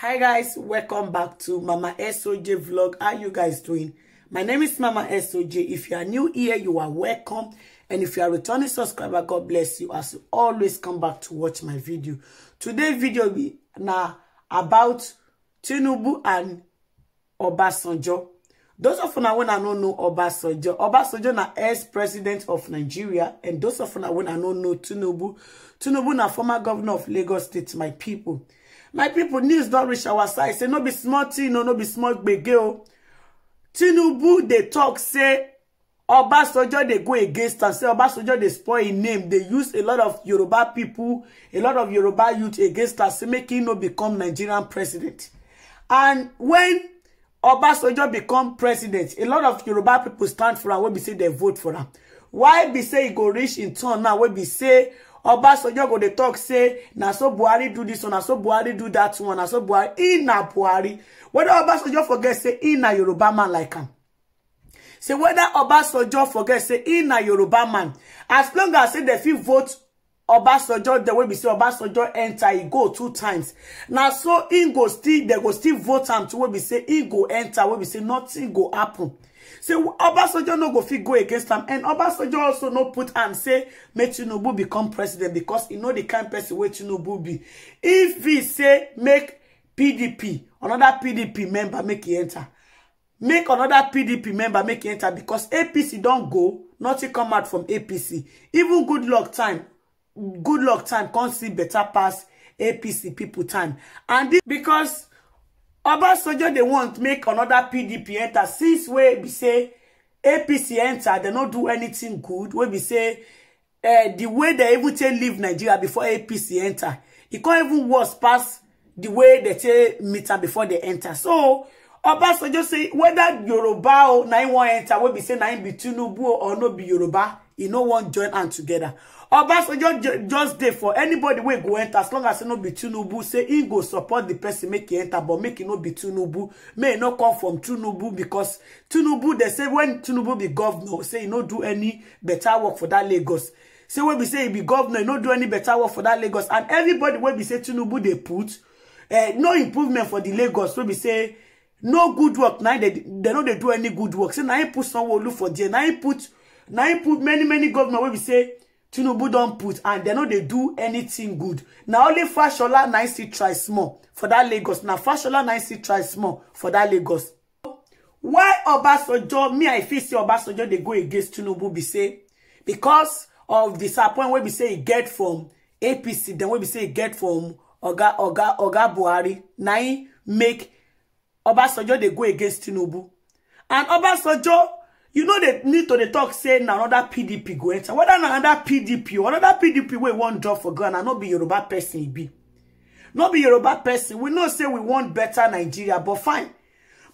hi guys welcome back to mama soj vlog how you guys doing my name is mama soj if you are new here you are welcome and if you are returning subscriber god bless you as you always come back to watch my video today video be now about tinubu and obasanjo those of you now when i no know obasanjo obasanjo na ex-president of nigeria and those of you now when i no know tinubu tinubu na former governor of lagos state my people my people' news don't reach our side say no be small thing, no no be small gbege oh. tinubu they talk say obasanjo they go against us. say obasanjo they spoil im name They use a lot of yoruba people, a lot of yoruba youth against us. say make no become nigerian president and when obasanjo become president a lot of yoruba people stand for him. We be say they vote for him. why be say e go reach in turn now We be say obasanjo go dey talk say na so buhari do this one na so buhari do that one na so buhari in na buhari whether obasanjo forget say in na yoruba man like him. say whether obasanjo forget say in na yoruba man as long as say dem fit vote obasanjo the way we say obasanjo enter he go two times Now so in go still they go still vote am to wey be say im go enter wey be say nothing go happen say obasanjo no go fit go against am and obasanjo also no put am say make tinubu become president because e know di kind person wey tinubu be if he say make pdp another pdp member make he enter, make another pdp member make he enter because apc don't go nothing come out from apc even good luck time good luck time can't see better pass apc people time and because obasanjo they want make another pdp enter since wey be say apc enter, they not do anything good wey be say eh, the way they even take leave nigeria before apc enter, it e can't even worse pass the way they take meet am before they enter. so obasanjo say whether yoruba na im e wan enter, we be say na im e be tinubu or no be yoruba You no wan join hand together. obasanjo just there for anybody Where go enter as long as e no be tunubu. say he go support the person make e enter but make e no be tunubu. may e no come from tunubu because tunubu. They say when tunubu be governor, say he no do any better work for that lagos say when we say he be governor, he no do any better work for that lagos and everybody wey we say tunubu, they put eh, no improvement for the lagos wey we say no good work na they dem no dey do any good work say now he put some olu for there Now he put Now him put many many government where we say tinubu don't put and they know they do anything good Now only fashola na still try small for that lagos Now fashola na still try small for that lagos why obasanjo me i feel say obasanjo they go against tinubu be say because of disappointment wey be say e get from apc Then wey be say e get from oga oga oga buhari Now im make obasanjo they go against tinubu and obasanjo you know they need to the talk say now another pdp go enter whether na another pdp another pdp wey wan drop for ghana not be yoruba person e be not be yoruba person we not say we want better nigeria but fine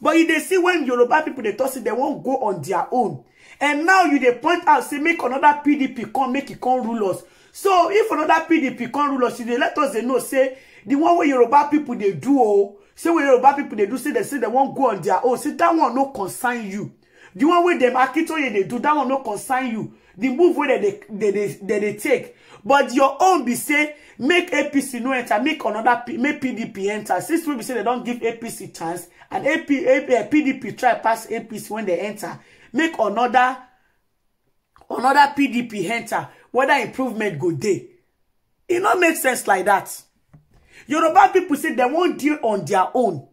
but you they see when yoruba people they talk say dem wan go on their own and now you they point out say make another pdp come make it e come rule us so if another pdp come rule us you let us dey know say the one way yoruba people they do Oh, say wey yoruba people they do say they say they won't go on their own say that one no concern you the one wey dem akitoye they do that one no concern you the move they they they take but your own be say make apc no enter make another make pdp enter since we be say they don't give apc chance and AP, AP, eh, pdp try pass apc when they enter make another another pdp enter whether improvement go day. It e not make sense like that yoruba people say they wan deal on their own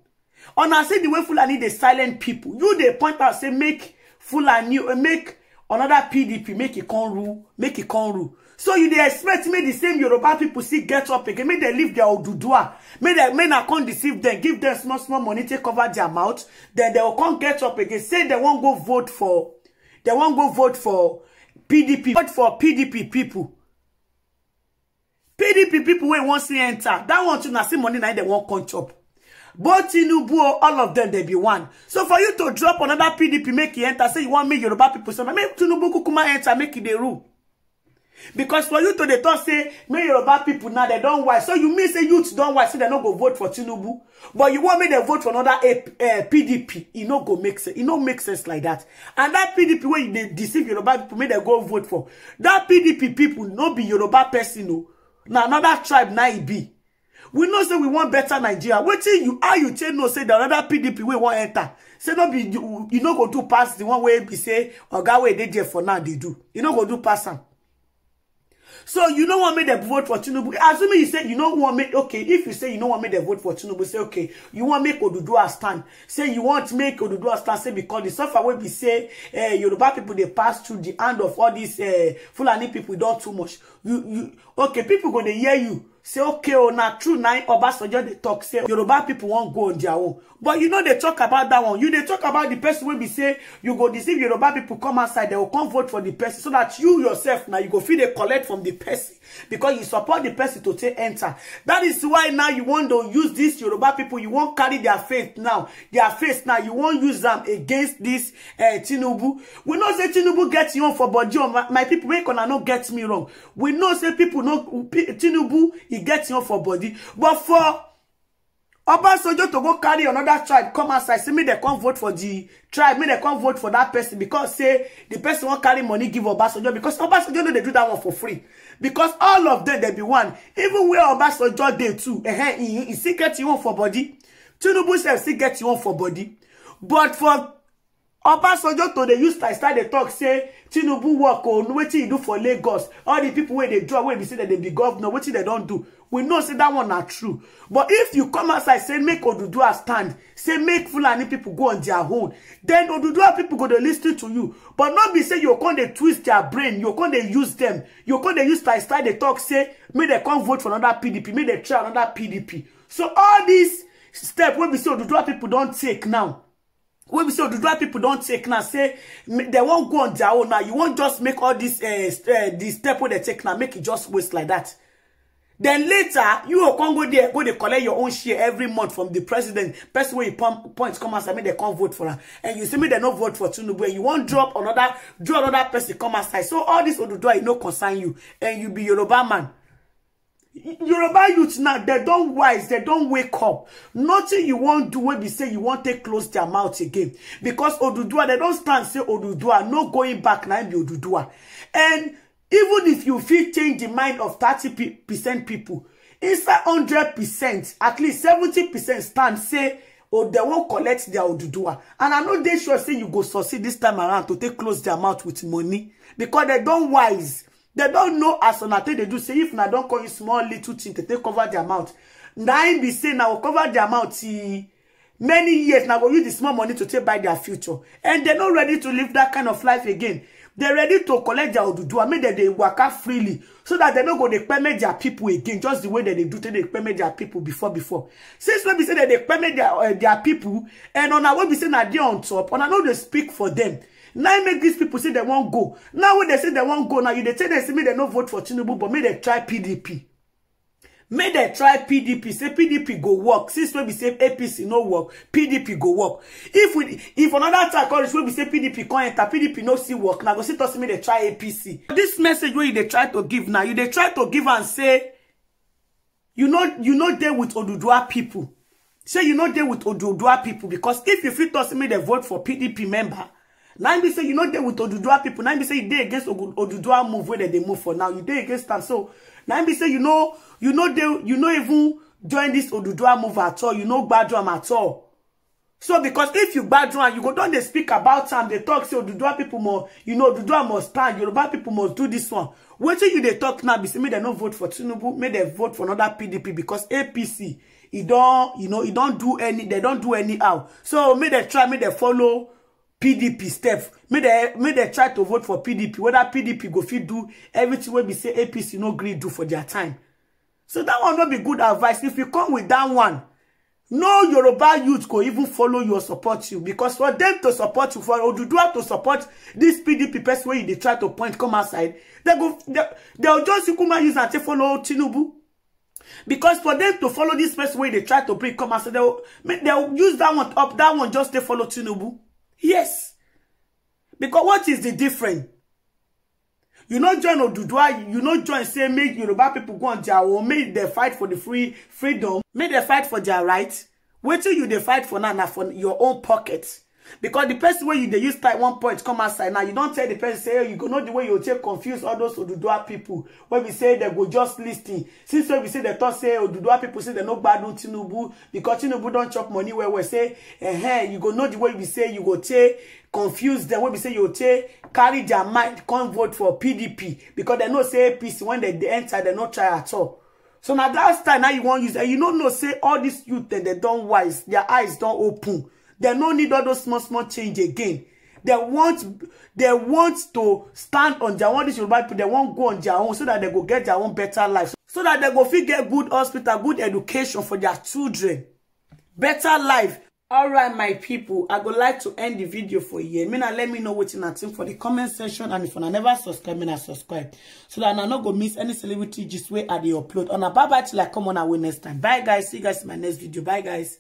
una say the way fulani the silent people you dey point out say make fulani uh, make another pdp make e con rule make e con rule so you dey expect make the same yoruba people see get up again make they leave their odudua make dem make na come deceive them. give them small small money to cover their mouth then they go come get up again say they won't go vote for they won't go vote for pdp vote for pdp people pdp people when once they enter that one too na see money na dem wan come chop Both Tinubu, all of them, they be one. So for you to drop another PDP, make you enter, say you want me Yoruba people, so make Tinubu Kukuma enter, make it the rule. Because for you to they talk say, me Yoruba people now, they don't wise. So you mean say youth don't wise, so they not go vote for Tinubu. But you want me to vote for another uh, eh, eh, PDP. It e no go make sense. It e no make sense like that. And that PDP where they deceive Yoruba people, make they go vote for. That PDP people, no be Yoruba person, no. Oh. Now another tribe, now it e be we know say we want better nigeria wetin you how you take know say the another pdp wey wan enter say no be you you no go do pass the one wey be say oga wey dey there for now dey do you no go do pass am so you no want make dem vote for tinubu assuming you say you no want make okay if you say you no want make dem vote for tinubu say okay you want make oduduwa stand say you want make oduduwa stand say because the suffer wey be say uh, yoruba people dey pass through the hand of all these uh, fulani people don too much you you okay people go dey hear you say okay oh na true na obasanjo dey talk say yoruba people wan go on their own but you know they talk about that one you dey talk about the person wey be say you go deceive yoruba people come outside they go come vote for the person so that you yourself now you go feel dey collect from the person because you support the person to take enter That is why now you want to use this yoruba people. you wan carry their faith now their faith now you wan use am against dis eh, tinubu we know say tinubu get your own for body oh, my people, make una no get me wrong we know say people tinubu He gets him for body but for obasanjo to go carry another tribe come outside say me, they can't vote for the tribe Me, they can't vote for that person because say the person wan carry money give obasanjo because obasanjo know they do that one for free because all of them, dey be one even where obasanjo they too eh he, he, still get him for body tinubu sef still get him for body but for obasanjo to dey use to start the talk say tinubu work on wetin e do for lagos all the people wey dey draw wey be say dem dey be govnor wetin dem don do we know say that one na true but if you come outside say make oduduwa stand say make fulani people go on their own then oduduwa people go dey listen to you but no be say you con dey twist their brain you con dey use them, you con dey use style style dey talk say make dem come vote for another pdp make dem try another pdp so all these step wey be say oduduwa people don take now wey be say oduduwa pipo don take now say dem wan go on their own now you wan just make all dis eh, eh, step wey dem take now make e just waste like dat then later you go come go there go dey collect your own share every month from di president person wey you point come outside make dem come vote for am and you say make dem no vote for tinubu and you wan drop another draw another person come outside so all dis oduduwa no concern you and you be yoruba man yoruba youth now they don't wise They don't wake up nothing you wan do wey be say you wan take close their mouth again because oduduwa They don't stand say oduduwa no going back now. be oduduwa and even if you feel change the mind of 30 percent pipo inside 100 percent at least 70 percent stand say or oh, they won't collect their oduduwa and i know they should say you go succeed this time around to take close their mouth with money because they don't wise They don't know as on a thing they do say if na don't call you small little thing to take cover their mouth na im be say na cover their mouth See many years Now go use the small money to take buy their future and dem not ready to live that kind of life again they ready to collect their Oduduwa make they work out freely so that they're not going to permit their people again just the way that they do to dey permit their people before before since when we say that they permit their uh, their people and on our way we say that dey on top and I know they speak for dem na make these people say they won't go now when they say they won't go now you dey tell dem say make dem no vote for Tinubu but me they try PDP May they try pdp say pdp go work since we be say apc no work pdp go work if we if another time come we be say pdp come enter pdp no see work Now go see talk say make dem try apc this message wey you dey try to give now you they try to give and say you know you know there with oduduwa people. say you know there with oduduwa people because if you feel talk say make dem vote for pdp member Now be say you know they with Odudua people. Now be say you dey against Odudua move where they move for now. You dey against them. So now be say you know you know they you know even join this Odudua move at all. You know bad Gbadram at all. So because if you bad Gbadram, you go down they speak about them? They talk say Odudua people more. You know Odudua must stand. Yoruba people must do this one. Wetin you they talk now be say make they no vote for Tinubu. Make they vote for another PDP because APC He don't you know he don't do any they don't do anyhow. So make they try make they follow pdp step make they try to vote for pdp whether pdp go fit do everything wey be say apc no gree do for their time so that one not be good advice if you come with that one no yoruba youth go even follow you or support you because for them to support you for oduduwa to support this pdp person wey they try to point come outside They go dem just ikuma use and take follow tinubu because for them to follow this person wey they try to bring come outside They'll they'll use that one up That one just they follow tinubu Yes. Because what is the difference? You not join Odudua, you not join say make Yoruba people go on their own, make they fight for the free freedom, make they fight for their rights. Wait till you they fight for now, now for your own pockets? because the person wey you they use type one point come outside now you don't tell the person say you go know the way you take confuse all those oduduwa people when we say they go just listing since when we say they thought say oduduwa people say they no gbadun tinubu because tinubu don't chop money where we say eh, you go know the way we say you go take confuse them when we say you go take carry their mind come vote for pdp because they know say apc when they dey enter they no try at all so now that time now you wan use and you don't know say all these youth dem they don't wise their eyes don't open They no need all those small, small change again. They want, they want to stand on their own. This Yoruba people, they won't go on their own so that they go get their own better life. So that they go fit get good hospital, good education for their children. Better life. Alright, my people, I go like to end the video for here. Mina, let me know wetin I think for the comment section. And if I never subscribe, mina subscribe. So that I not go miss any celebrity just way I dey upload. On a bye bye till I come on our next time. Bye guys. See you guys in my next video. Bye guys.